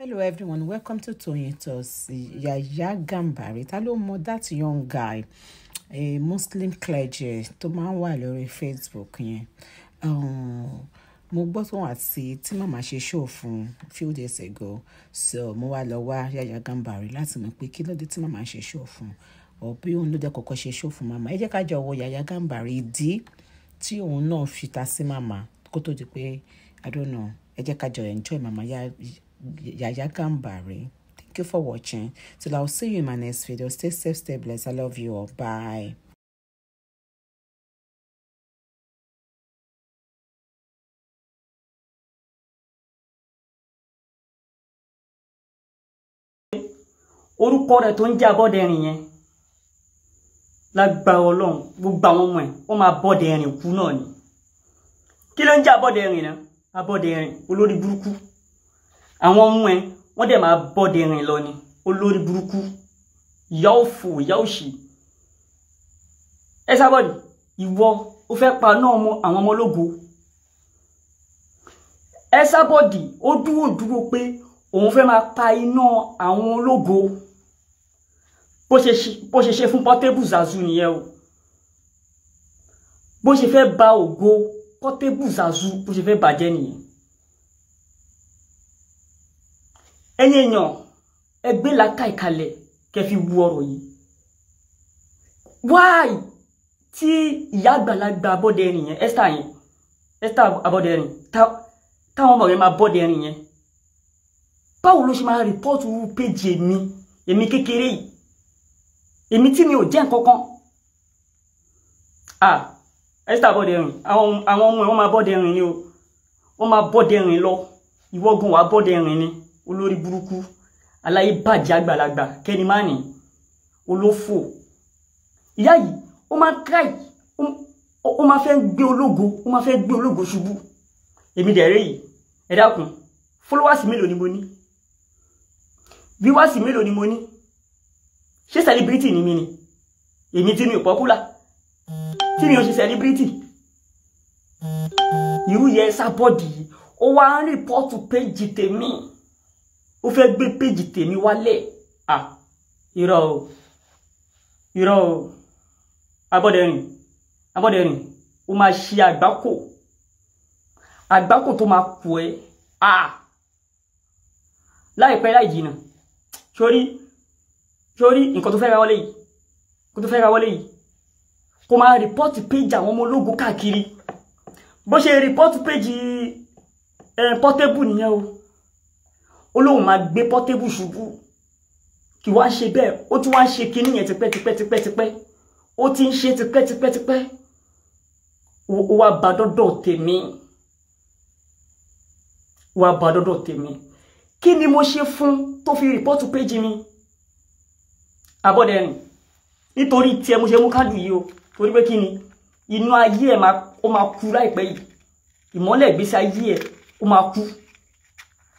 Hello everyone, welcome to Toyeen Yaya Yahya Gambari, ta ló mọ that young guy, a Muslim clergy tó máa ń wà lórí Facebook yẹn. Um, mo gbọ́ tó wà sí tí màmá ṣe show fún few days ago so mo wá lọ wá Yahya Gambari láti mọ̀ pé kí ló dé tí màmá ṣe show fún ọ̀ bí òun ló dé kọ́kọ́ ṣe show fún màmá. Ẹ jẹ́ ká jọ wo Yahya Gambari ìdí tí òun náà fi ta sí màmá kó tó di pé I don't know ẹ jẹ́ ká jọ enjoy màmá yá. Yaya Gambari. Thank you for watching. Till I'll see you in my next video. Stay safe, stay blessed. I love you all. Bye. orúkọ rẹ tó ń jẹ́ Abọ́dẹrìn yẹn lágbára Ọlọ́run gbogbo àwọn ọmọ ẹ̀ wọ́n máa bọ́dẹrìn kú náà ni kí ló ń jẹ́ Abọ́dẹrìn náà Abọ́dẹrìn olórí burúkú àwọn ọmọ ẹ wọ́n dẹ̀ máa bọ́dẹ rìn lọ ni olórí burúkú ìyá òfò ìyá òṣì ẹ sábọ̀dì ìwọ ó fẹ́ pa náà mọ àwọn ọmọ ológo ẹ sábọ̀dì ó dúró dúró pé òun fẹ́ máa pa iná àwọn ológo bó ṣe ṣe fún Portable Zazu nìyẹn o bó ṣe fẹ́ ba ògo Portable Zazu bó ṣe fẹ́ bàjẹ́ nìyẹn ẹ̀yin èèyàn ẹ gbé làákà ìkalẹ̀ kẹ́ fi wu ọ̀rọ̀ yìí wáì tí ìyá àgbàlagbà abọ́dẹ̀rìn yẹn Esther yẹn Esther abọ́dẹ̀rìn táwọn ọmọ rẹ̀ máa bọ́dẹ̀rìn yẹn báwo ló ṣe máa rìpọ́ọ̀tù péjì èmi èmi kékeré yìí èmi tí mi ò jẹ́ nǹkan kan ah Esther bọ́dẹ̀rìn àwọn ọmọ ẹ̀ wọ́n máa bọ́dẹ̀rìn ni o wọ́n máa bọ́dẹ̀rìn lọ ìwọ́gun wàá bọ́dẹ̀rìn ni olórí burúkú aláyé bàjẹ́ àgbàlagbà kẹ́ni má ní olófò ìyá yìí ó máa ń káì ó máa fẹ́ gbé ológo ó máa fẹ́ gbé ológo ṣubú èmi dẹ̀rẹ́ yìí ẹ dákun mélòó ni mo ní viewers mélòó ni mo ní ṣé celebrity ni mi ni èmi tí mi ò popular tí mi ò ṣe celebrity irú yẹn sábọ́ọ̀dì yìí ó wá ń rìpọ́ọ̀tù péjì tèmi ó fẹ́ gbé péjì tèmi wálẹ̀ à irọ́ o irọ́ o abọ́dẹ̀rìn abọ́dẹ̀rìn ó máa ṣe àgbákò àgbákò tó máa kù ẹ́ à láìpẹ́ láì jìnnà sórí sórí nǹkan tó fẹ́ ra wọlé yìí nǹkan tó fẹ́ ra wọlé yìí kò máa rìpọ́ọ̀tì péjì àwọn ọmọ ológun káàkiri bó ṣe rìpọ́ọ̀tì péjì ẹ̀ pọ́tébù nìyẹn o ó lóun máa gbé pọ́tébù ṣubú kì wá ṣe bẹ́ẹ̀ ó tún wá ṣe kinní yẹn tipẹ́tipẹ́tipẹ́ ó ti ń ṣe tipẹ́tipẹ́tipẹ́ ó wá bá dọ́dọ̀ tèmi wá bá dọ́dọ̀ tèmi kí ni mo ṣe fún tó fi rìpọ́tù péjì mi abọ́dẹ̀rìn nítorí tiẹ̀ mo ṣe mú káàdì yìí o torí pé kí ni inú ayé ẹ̀ ó máa kú láìpẹ́ yìí ìmọ́lẹ̀ ìgbésí ayé ẹ̀ ó máa kú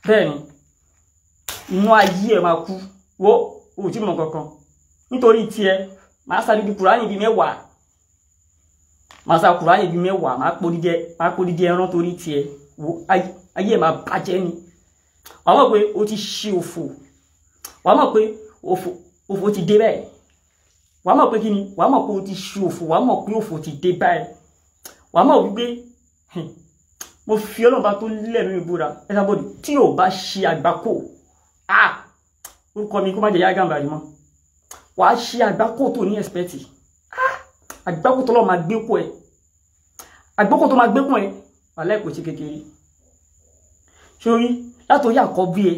bẹ́ẹ̀ ni mú ayé ẹ̀ máa kú wo òjì kankan nítorí tiẹ̀ màá sáré di kùránì bíi mẹ́wàá màá sáré kùránì bíi mẹ́wàá ẹran torí tiẹ̀ wo ayé ẹ̀ máa bàjẹ́ ni wàá mọ̀ pé o ti ṣe òfò wàá mọ̀ pé òfò ti dé bẹ́ẹ̀ wàá mọ̀ pé kí ni wàá mọ̀ pé o ti ṣe òfò wàá mọ̀ pé òfò ti dé mọ̀ wípé mo fi ọlọ́run bá tó búra tí bá ṣe àgbákò orúkọ mi kó má jẹ yá gàmbàrí mọ́ wàá ṣe àgbákò tó ní ẹ̀spẹ̀tì ah! àgbákò tó lọ́ọ́ máa gbé kú ẹ àgbákò tó máa gbé kú ẹ wà láì kò sí kékeré sórí látòrí àkọ́bí ẹ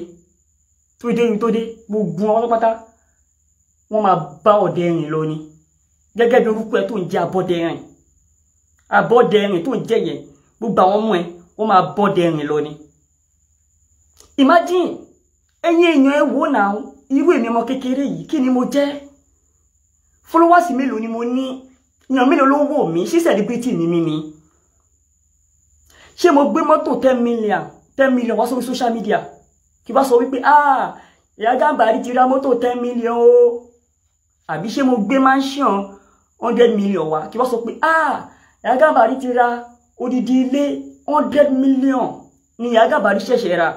tó dé tó dé gbogbo wọn pátápátá wọn máa bá ọ̀dẹ rìn lọ ni gẹ́gẹ́ bí orúkọ ẹ tó ń jẹ́ abọ́dẹ rìn abọ́dẹ rìn tó ń jẹ́ yẹn gbogbo àwọn ọmọ ẹ wọ́n máa bọ́dẹ rìn lọ ni imagine ẹ̀yin èèyàn ẹ wò náà irú èmi ọmọ kékeré yìí kí ni mo jẹ́ followers mélòó ni mo ní èèyàn mélòó ló ń wò mí ṣí ni mí ni ṣé mo gbé mọ́tò ten million ten million wá sórí social media kí bá sọ wípé ah ìyá Gàmbàrí ti ra mọ́tò ten million o àbí ṣé mo gbé mansion hundred million wá kí bá sọ pé ah ìyá Gàmbàrí ti ra odidi ilé hundred million ni ìyá Gàmbàrí ṣẹ̀ṣẹ̀ ra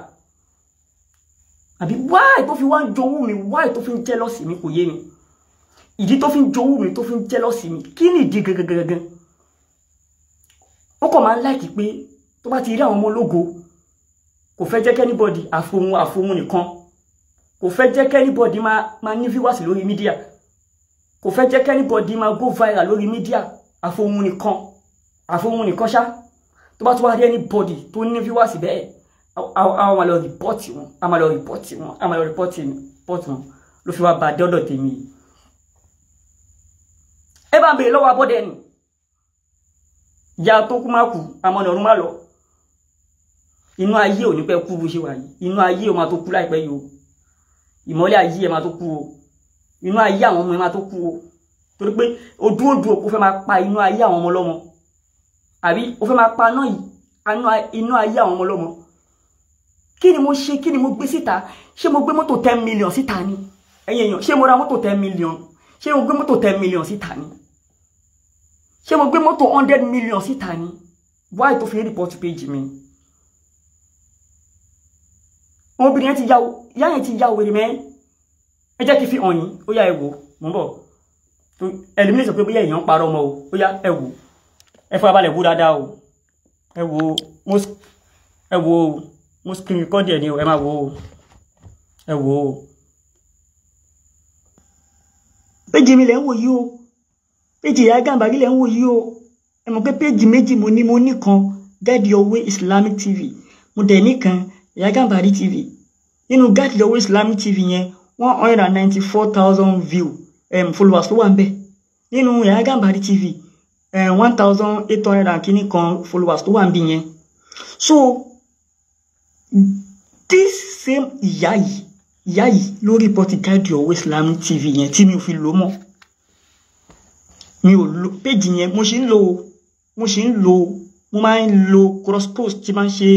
àbí why tó fi wá ń jowú mi why tó fi ń jealous mi kò yé mi ìdí tó fi ń jowú mi tó fi ń jealous mi kí ni ìdí gangan ó kàn máa ń láìkí pé tó bá ti rí àwọn ọmọ ológo kò fẹ́ jẹ́ kẹ́nibọ́dì àfohun àfohun nìkan kò fẹ́ jẹ́ kẹ́nibọ́dì máa ní viewers lórí mídíà kò fẹ́ jẹ́ kẹ́nibọ́dì máa go viral lórí mídíà àfohun nìkan àfohun nìkan ṣá tó bá tún wá rí anybody tó ní viewers bẹ́ẹ̀ àwọn máa lọ rìpọ́ọ̀tì wọn àwọn máa lọ rìpọ́ọ̀tì wọn àwọn máa lọ rìpọ́ọ̀tì wọn ló fi wá ba dọ́dọ̀ tèmi yìí ẹ bá bèèrè lọ́wọ́ abọ́dẹ ni ìyá tó kú má kú àmọ́ ọ̀nà ọ̀run má lọ inú ayé ò ní pẹ́ kú bó ṣe wà yìí inú ayé ò máa tó kú láìpẹ́ yìí o ìmọ́lẹ̀ ayé ẹ̀ máa tó kú o inú ayé àwọn ọmọ ẹ̀ máa tó kú o torí pé ojú odò kò fẹ́ máa pa inú ayé àwọn ọmọ ọlọ́mọ àbí o fẹ́ máa pa inú ayé àwọn ọmọ ọlọ́mọ kí ni mo ṣe kí ni mo gbé síta ṣé mo gbé mọ́tò ten million síta ni ẹ̀yin èèyàn ṣé mo ra mọ́tò ten million ṣé mo gbé mọ́tò ten million síta ni ṣé mo gbé mọ́tò hundred million síta ni why to fi report page mi obìnrin yẹn ti yá ìyá yẹn ti yá wèrè mẹ́ ẹ jẹ́ kí fi hàn yín ó yá ẹ wò mò bọ̀ eliminate pé bóyá èèyàn ń parọ́ ọmọ o ó yá ẹ wò ẹ fọ́ abalẹ̀ wú dáadáa o ẹ wò ó ẹ wò ó mo screen record ẹ̀ ni ẹ máa wò ó ẹ wò ó. péjì mi lẹ́ ń wò yí o péjì ìyá Gàmbàrí lẹ́ ń wò yí o ẹ mọ̀ pé péjì méjì mo ní mo ní kan Guide Your Way Islamic TV mo dẹ̀ ní kan ìyá Gàmbàrí TV nínú Guide Your Way Islamic TV yẹn one hundred and ninety four thousand view um, followers ló wà ń bẹ̀ nínú ìyá Gàmbàrí TV one thousand eight hundred and kìíní kan followers tó wà ń bí yẹn so this same ìyá yìí ìyá yìí ló rìpọ́tì Guide Your Way Islamic TV yẹn tí mi ò fi lò mọ́ mi ò lo péjì yẹn mo ṣe ń lo mo ṣe ń lo mo máa ń lo cross post tí máa ń ṣe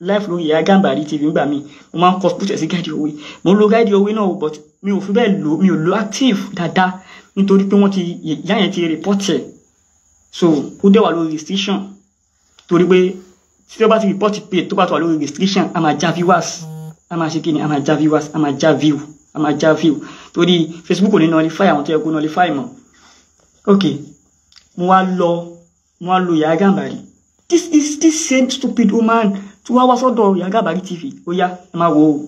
live lórí ìyá Gàmbàrí TV nígbà míì mo máa ń cross post ẹ̀ sí Guide Your Way mo lo Guide Your Way náà but mi ò fi bẹ́ẹ̀ lo mi ò lo active dáadáa nítorí pé wọ́n ti ìyá yẹn ti rìpọ́tì ẹ̀ so ó dẹ̀ wà lórí station torí pé tí ó bá ti report pay tó bá tó wà lórí restriction a máa já viewers a máa ṣe kí ni a máa já viewers a máa já view a máa já view torí Facebook ò ní nullify àwọn tó yẹ kó nullify mọ́ ok mo wá lọ mo wá lo Yahya Gambari this is this same stupid woman tí wọ́n wá sọ́dọ̀ Yahya Gambari TV ó yá ẹ máa wò ó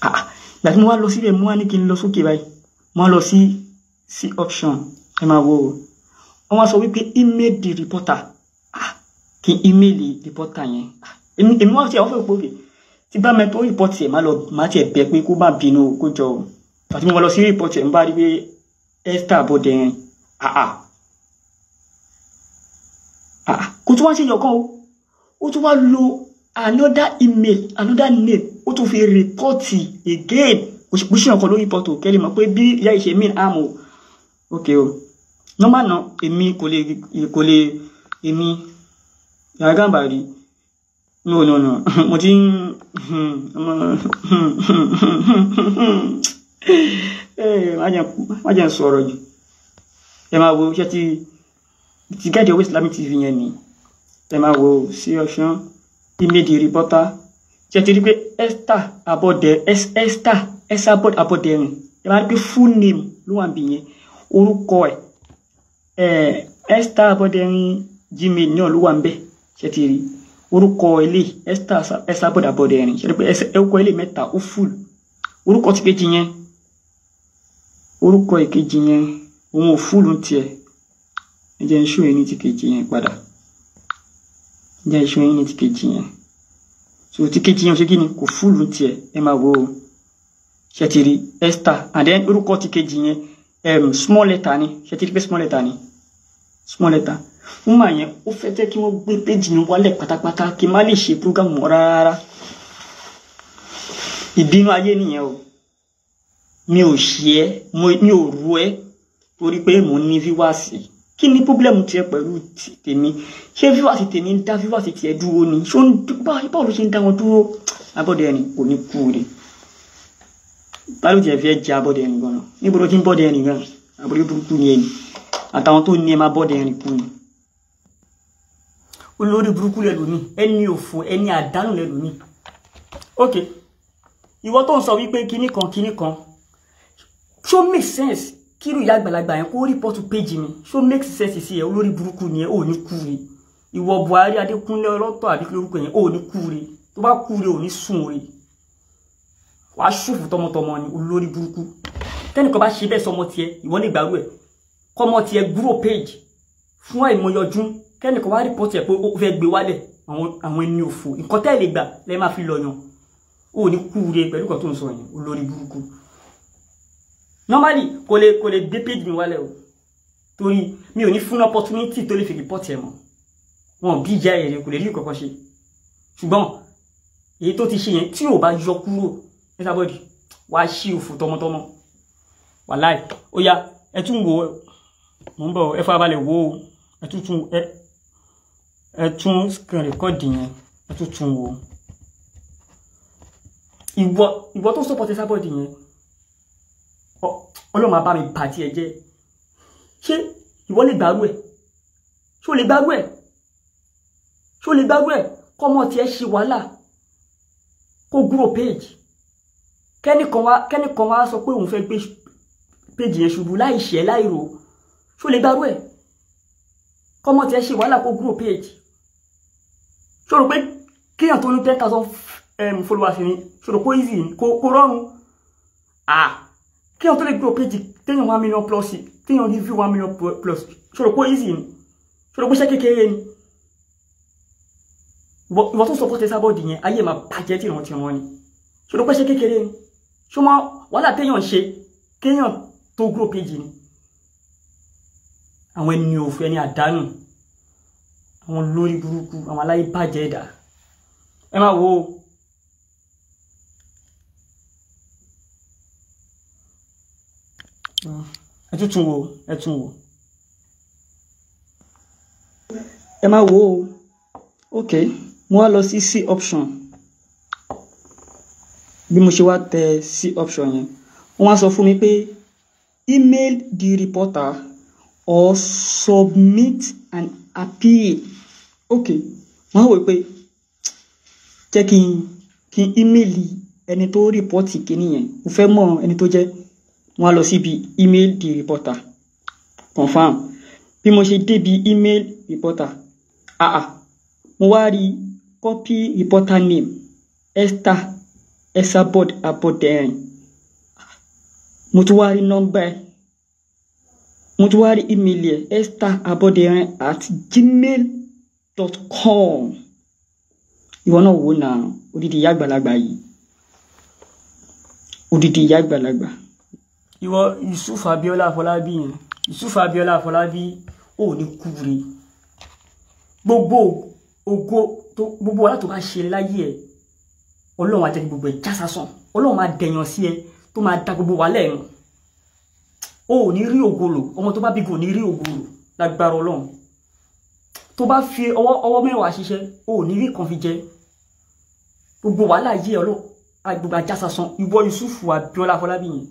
ah ìgbà tí mo wá lọ síbẹ̀ mo wá ní kí n lọ sókè báyìí mo wá lọ sí sí option ẹ máa wò ó wọ́n wá sọ wípé he made the reporter kí n ímeèlì rìpọ́tà yẹn èmi wá sí àwọn fẹ́ pòkè tí bá mẹ́tọ́ rìpọ́tì ẹ̀ má lọ má tiẹ̀ bẹ pé kó bá bínú kó jọ àti mo lọ sí rìpọ́tì ẹ̀ ń bá rí pé Esther bọ́dẹ̀ yẹn àà àà kó tún wá ṣe yọkọ́ o ó tún wá lo another email another name ó tún fi rìpọ́tì again bó ṣe ọkọ̀ ló rìpọ́tì ò kẹ́lẹ́ mọ̀ pé bí ìyá ìṣe mí àmọ́ òkè o normal náà èmi kò lè kò lè èmi Àgàbàrí no no no mo ti ń ọmọ eh, má jẹ́ sọ̀rọ̀ jù ẹ máa wo iṣẹ́ tí ti Guide Your Way Islamic TV yẹn ni ẹ máa wo sí ọ̀sán imedi rìpọ́tà ṣe ti rí pé Esther abọ́dẹ Esther Esther abọ́dẹ rìn ẹ máa rí pé full name ló wà níbí yẹn orúkọ ẹ eh, Esther abọ́dẹ rìn Gmail náà ló wà níbẹ̀ ṣe ti rí orúkọ ilé ẹsà bọ̀dàbọ̀dà ẹ̀rìn ṣe rí pé orúkọ ilé mẹ́ta ó fúl orúkọ ti kejì yẹn orúkọ ìkejì yẹn òun ò fúlù tiẹ̀ ẹ jẹ́ iṣu yẹn ní ti kejì yẹn padà ẹ iṣu yẹn ní ti kejì yẹn so ti kejì yẹn ò ṣe kí ni kò fúlù tiẹ̀ ẹ máa wo ṣe ti rí Esther and then orúkọ ti kejì yẹn small letter ni ṣe ti rí pé small letter ni small letter woman yẹn ó fẹ́ jẹ́ kí wọ́n gbé péjì mi wálẹ̀ pátápátá kí n má lè ṣe program mọ́ rárá ìbínú ayé nìyẹn o mi ò ṣe ẹ mi ò ru ẹ torí pé mò ń ní fíwáàsì kí ni pọ́blẹ́mù tiẹ̀ pẹ̀lú tèmi ṣé fíwáàsì tèmi ń dá fíwáàsì tiẹ̀ dúró ni ṣó ń báwo ló ṣe ń dá wọn dúró abọ́dẹ̀rìn kò ní kú rè báwo tiẹ̀ fẹ́ jẹ abọ́dẹ̀rìn gan-an níbo ló ti ń bọ́dẹ̀rìn gan-an àbúrò burúkú ni ẹni àtàwọn tó ní ẹ máa bọ́dẹ̀ ẹ̀rìn kú ni olórí burúkú lẹ́lòmí ẹni òfò ẹni àdánù lẹ́lòmí ok ìwọ tó ń sọ wípé kinní kan kinní kan ṣó make sense kírù ìyá àgbàlagbà yẹn kó rìpọ́tù péjì mi ṣó make sense sí ẹ olórí burúkú ni ẹ ò ní kú re ìwọ Buhari Adékúnlé ọlọ́tọ̀ àbí lórúkọ yẹn ò ní kú re tó bá kú re ò ní sùn re wàá ṣòfò tọmọtọmọ ni olórí burúkú tẹnìkan bá ṣe bẹ́ẹ̀ sọmọ tiẹ̀ ìwọ lè gbàrú ẹ̀ kọmọ tiẹ̀ gúrò page fún àìmọyọdún kẹ́nìkan wá rìpọ́tì ẹ̀ pé ó fẹ́ gbé wálẹ̀ àwọn ẹni òfò nǹkan tẹ́ lè gbà lẹ́ẹ̀ máa fi lọ yan ó ní kúure pẹ̀lú kan tó ń sọ yẹn olórí burúkú normally kò lè kò lè dé page mi wálẹ̀ o torí mi ò ní fún opportunity tó lè fi rìpọ́tì ẹ̀ mọ́ wọn bí ìyá ẹ̀ rẹ̀ kò lè rí ìkọ̀kọ̀ ṣe ṣùgbọ́n èyí tó ti ṣe yẹn tí ò bá yọ kúrò nígbà wàá ṣí òfò tọmọtọmọ wàláì ó yá ẹ wò ó mo ń bọ̀ ẹ farabalẹ̀ wo ẹ tuntun ẹ ẹ tún screen rẹ́kọ́ọ̀dì yẹn ẹ tuntun wo ìwọ ìwọ tó sọpọtẹ sábọọdì yẹn Ọlọ́run máa bá mi bà tiẹ̀ jẹ́ ṣé ìwọ lè gbárù ẹ̀ ṣó lè gbárù ẹ̀ ṣó lè gbárù ẹ̀ kọ́mọ tiẹ̀ ṣe wàhálà kó gúrò péèjì kẹ́nìkan wá sọ pé òun fẹ́ gbé péèjì yẹn ṣubú láì ṣẹ́ láì rò ó ṣó lè gbárù ẹ̀ kọ́mọ tiẹ̀ ṣe wàhálà kó gúrò page ṣó rò pé kéèyàn tó ní ten thousand followers ni ṣó rò kó easy kó rọrùn ah kéèyàn tó lè gúrò page téèyàn one million plus téèyàn ní view one million plus ṣó rò kó easy ni ṣó rò pé ṣẹ́ kékeré ni ìwọ tó sọ fọ́tẹ́ sábọ́ọ̀dì yẹn ayé máa bàjẹ́ tí ìrántí wọn ni ṣó rò pé ṣẹ́ kékeré ni ṣó máa wàhálà téèyàn ṣe kéèyàn tó gúrò page ni àwọn ẹni òfò ẹni àdánù àwọn lórí burúkú àwọn aláìbàjẹ́ ẹ̀dá ẹ máa wo ẹ tún tún wo ẹ tún wo ẹ máa wo ok mo wá lọ sí c option bí mo ṣe wá tẹ c option yẹn wọ́n wá sọ fún mi pé email the reporter or submit an appeal okay wọ́n wò pé jẹ́ kí n kí n ímeèlì ẹni tó rìpọ́tì kíní yẹn mo fẹ́ mọ̀ ẹni tó jẹ́ wọ́n á lọ síbi email the reporter confam bí mo ṣe débi email reporter ah ah mo wá rí copy reporter name Esther esabod abodẹrin mo tún wá rí number. ẹ̀ mo tún esta rí at gmail dot com ìwọ náà wò náà odidi ìyá àgbàlagbà yìí odidi ìyá àgbàlagbà. ìwọ yusuf abiola afọlábí yusuf abiola afọlábí ò ní kúure gbogbo ògo tó gbogbo wàhálà tó bá ṣe láyé ẹ ọlọ́run á jẹ́ kí gbogbo ẹ̀ já sásán ọlọ́run máa dẹ̀yàn sí ẹ tó máa da gbogbo wàhálà ẹ̀ nù o ò ní rí ògolo ọmọ tó bá bí kò ní rí ògolo lágbára ọlọ́run tó bá fi ọwọ́ ọwọ́ mẹ́wàá ṣiṣẹ́ o ò ní rí kan fi jẹ gbogbo wàhálà yí ẹ ọlọ́run agbègbè ajásasan ìwọ Yusufu Abíọ́lá Afọlábí yẹn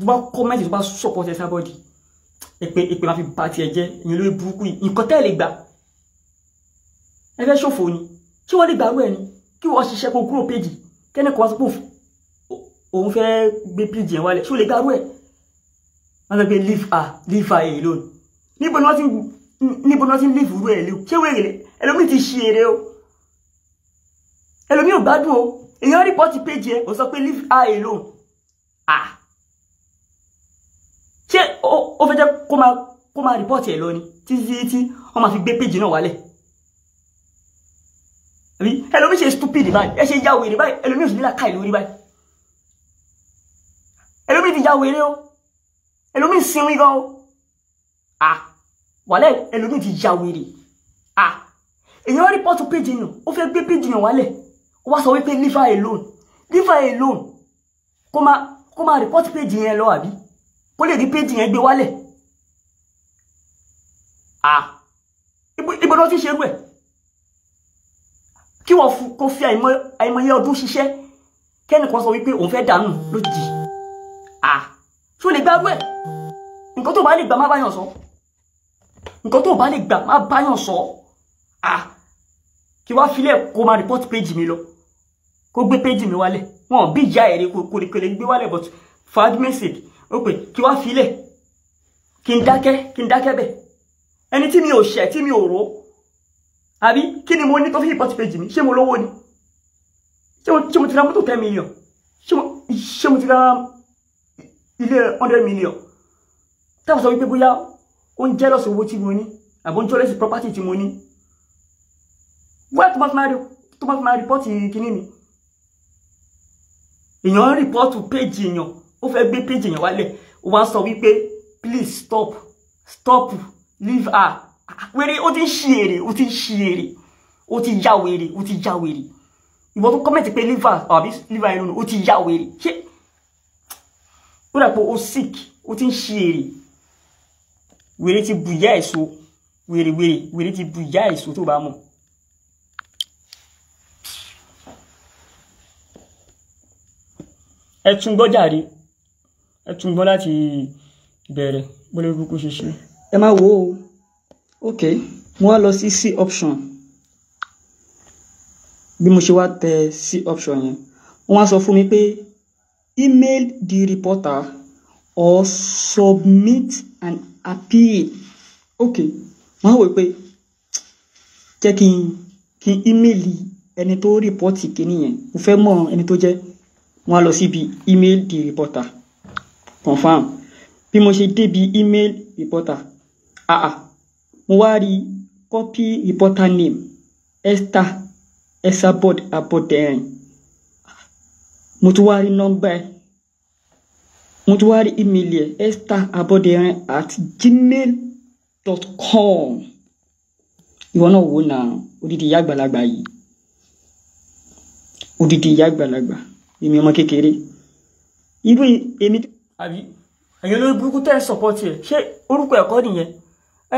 tó bá kọ́mẹ́ntì tó bá sọ̀pọ̀tì Ẹsábọ́ọ̀dì èpè èpè máa fi ba tiẹ̀ jẹ́ ìyẹn lórí burúkú yìí nǹkan tẹ́ẹ̀ lè gbà ẹ fẹ́ ṣòfò ni kí wọ́n lè gbàrú ẹ ni kí wọ́n ṣiṣẹ́ kó kúrò péjì kẹ́ni kò wá sọ pé òun fẹ́ gbé péjì yẹn wálẹ̀ ṣó lè gbàrú ẹ̀ wọ́n sọ pé leave her leave her alone níbo ni wọ́n ti níbo ni leave rú ẹ̀ lé o ṣé wèrè ẹlòmíì ti ṣe eré o ẹlòmíì ò gbádùn o èèyàn rìpọ́tì péjì ẹ̀ ò sọ pé leave her alone ah ṣé ó fẹ́ jẹ́ kó máa kó máa rìpọ́tì ẹ̀ lọ ni títí tí wọ́n máa fi gbé péjì náà wálẹ̀ àbí ẹlòmíì ṣe stupid báyìí ẹ ṣe ya wèrè báyìí ẹlòmíì ò sì nílà káì lórí báyìí ẹlòmíì ti ya wèrè o ẹlòmíì sinmi gan o ah wàlẹ ẹlòmíì ti ya wèrè ah èyàn rí pọ́tù pidgin ó fẹ́ gbé pidgin wálẹ̀ ó wá sọ wípé leave her alone leave her alone kó máa kó máa rìpọ́tù pidgin yẹn lọ àbí kó lè rí pidgin yẹn gbé wálẹ̀ ah ibo ló ti ṣerú ẹ̀ kí wọ́n kó fi àìmọye ọdún ṣiṣẹ́ kẹ́nìkan sọ wípé òun fẹ́ dànù lójijì ah ṣó lè gbárù ẹ̀ nǹkan tó bá lè gbà má báyàn sọ nǹkan tó bá lè gbà má báyàn sọ ah kí wá filẹ̀ kó máa report page mi lọ kó gbé page mi wálẹ̀ wọn bí ìyá ẹ̀rẹ́ kò lè gbé wálẹ̀ but for admin sake ó pè kí wá filẹ̀ kí n dákẹ́ kí n dákẹ́ mi ò ṣẹ̀ tí mi ò rò àbí kí mo ní tó fi report page mi ṣé mo lówó ni ṣé mo ti ra mọ́tò ten million ṣé mo ti ra ilé hundred million táwọn sọ wípé bóyá ó ń jẹ́ jealous owó tí mo ní àbó ń jẹ́ lọ́sọ̀ property tí mo ní wẹ́ẹ̀ tó bá fi máa rí Report bá fi máa rìpọ́ọ̀tì kínní mi èèyàn ń rìpọ́ọ̀tù péjì èèyàn ó fẹ́ gbé péjì èèyàn wálẹ̀ ó wá ń please stop stop leave her We're ó ti ń ṣe èrè ó ti ń ṣe èrè ó ti ya wèrè ó ti ya wèrè ìwọ tó kọ́mẹ̀tì pé leave her àbí leave her inú ti ya wèrè ṣé ó dà pé sick ó ti ń wèrè ti bu ìyá èso wèrè wèrè wèrè ti bu ìyá èso tó bá mọ̀. ẹ tún gbọ́ jàre ẹ tún gbọ́ láti bẹ̀rẹ̀ bọ́lá kúkú ṣe ṣe. ẹ máa wo ok mo wá lọ sí c option bí mo ṣe wá tẹ c option yẹn wọ́n á sọ fún mi pé email the reporter or submit an appeal ok wọ́n á wò pé jẹ́ kí n kí n ímeèlì ẹni tó rìpọ́tì kíní yẹn mo fẹ́ mọ ẹni tó jẹ́ wọ́n á lọ síbi email the reporter confam bí mo ṣe débi email reporter ah ah mo wá rí copy reporter name Esther Esabod Aboderin mo tún wá rí nọ́mbà ẹ̀ mo ti wá rí esther aboderin at gmail dot com ìwọ náà wò náà odidi ìyá àgbàlagbà yìí odidi ìyá àgbàlagbà èmi ọmọ kékeré irú èmi. àbí ẹ̀yin olórí burúkú tẹ́ ẹ sọ̀pọ̀tì ẹ̀ ṣé orúkọ ẹ̀kọ́ nìyẹn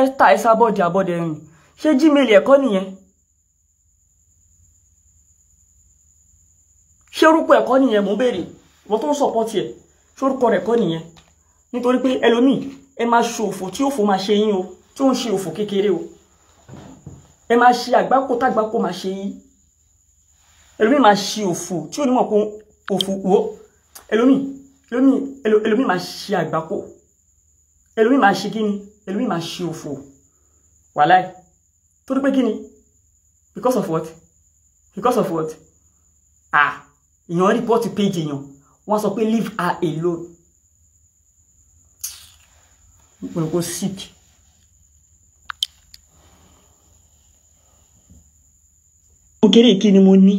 esther isabode aboderin ṣé gmail ẹ̀kọ́ nìyẹn ṣé orúkọ ẹ̀kọ́ nìyẹn mò ń béèrè wọ́n tó ń ẹ̀ sórúkọ rẹ̀ kọ́ nìyẹn nítorí pé ẹlòmíì ẹ máa ṣe òfò tí òfò máa ṣe yín o tí ó ń ṣe òfò kékeré o ẹ máa ṣe àgbákò tágbákò máa ṣe yín ẹlòmíì máa ṣe òfò tí ò ní òfò wò ẹlòmíì ẹlòmíì ẹlòmíì máa ṣe àgbákò ẹlòmíì máa ṣe kíni ẹlòmíì máa ṣe òfò wàláì torí pé kíni because of what because of what ah èèyàn rìpọ́ọ̀tì péjì èèyàn wọ́n sọ pé leave her alone pé kó sick. mo kéré kí ni mo ní.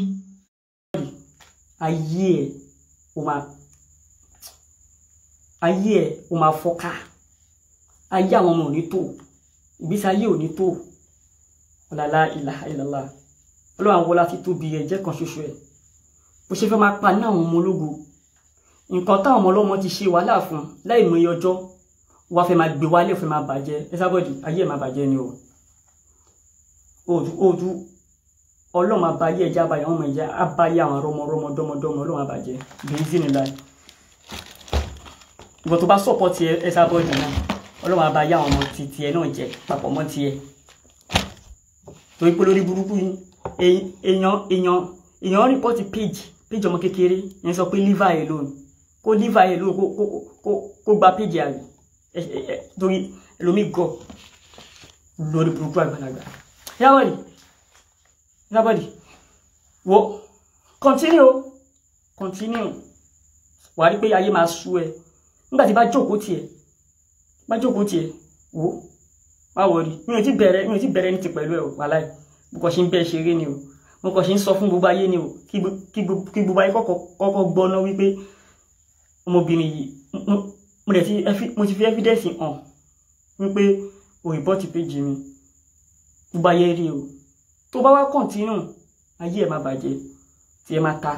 ayé ẹ o máa ayé ẹ o máa fọ́ká ayé àwọn ọmọ ò ní tó ìgbésí ayé ò ní tó ọ̀làlá ilaha illallah ọlọ́run àwọn ti tóbi ẹ̀jẹ̀ kan ṣoṣo ẹ̀ bó ṣe fẹ́ máa pa ní àwọn ọmọ ológun nǹkan táwọn ọmọ ọlọ́mọ ti ṣe wàhálà fún láì mọ iye ọjọ́ wàá fẹ́ máa gbé wálé fẹ́ máa bàjẹ́ Esabod ayé ẹ̀ máa bàjẹ́ ni o ojú ojú ọlọ́run abayé ẹja abayé àwọn ọmọ ẹja abayé àwọn rọmọrọmọ dọmọdọmọ ọlọ́run abàjẹ́ bíi zini láì ìwọ tó bá sọpọ́tì Esabod náà ọlọ́run abayé àwọn ọmọ ti tiẹ̀ náà jẹ papọ̀ mọ́ tiẹ̀ torí pé lórí burúkú èèyàn èèyàn èèyàn rìpọ́tì page page ọmọ kékeré yẹn sọ pé liver alone kó dífà yẹn lóhùn kó gba péjì àlè torí ẹlòmíì gan lórí burúkú àgbàlagbà yábọ̀dì yábọ̀dì wo continue continue wà á rí pé ayé máa sú ẹ nígbà tí bá jókòó tiẹ̀ bá jókòó tiẹ̀ wò ó má wọrí mi ò ti bẹ̀rẹ̀ mi ò ti bẹ̀rẹ̀ ní ti pẹ̀lú ẹ̀ wàláì mo kàn ṣe ń bẹ́ẹ̀ ṣeré ni o mo kàn ṣe ń sọ fún gbogbo ayé ni o kí gbogbo ayé kọ́kọ́ gbọ́ ná wípé ọmọbìnrin yìí mo dẹ̀ ti mo ti fi evidence hàn wípé òyìnbó ti péjì mi bó bá yẹ rí o tó bá wá kọ̀ǹtínù ayé ẹ̀ máa bàjẹ́ tí ẹ máa ta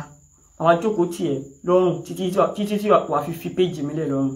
àwọn ajókòó tiẹ̀ lọ́rùn títí tí wàá fi fi péjì mi lẹ̀ lọ́rùn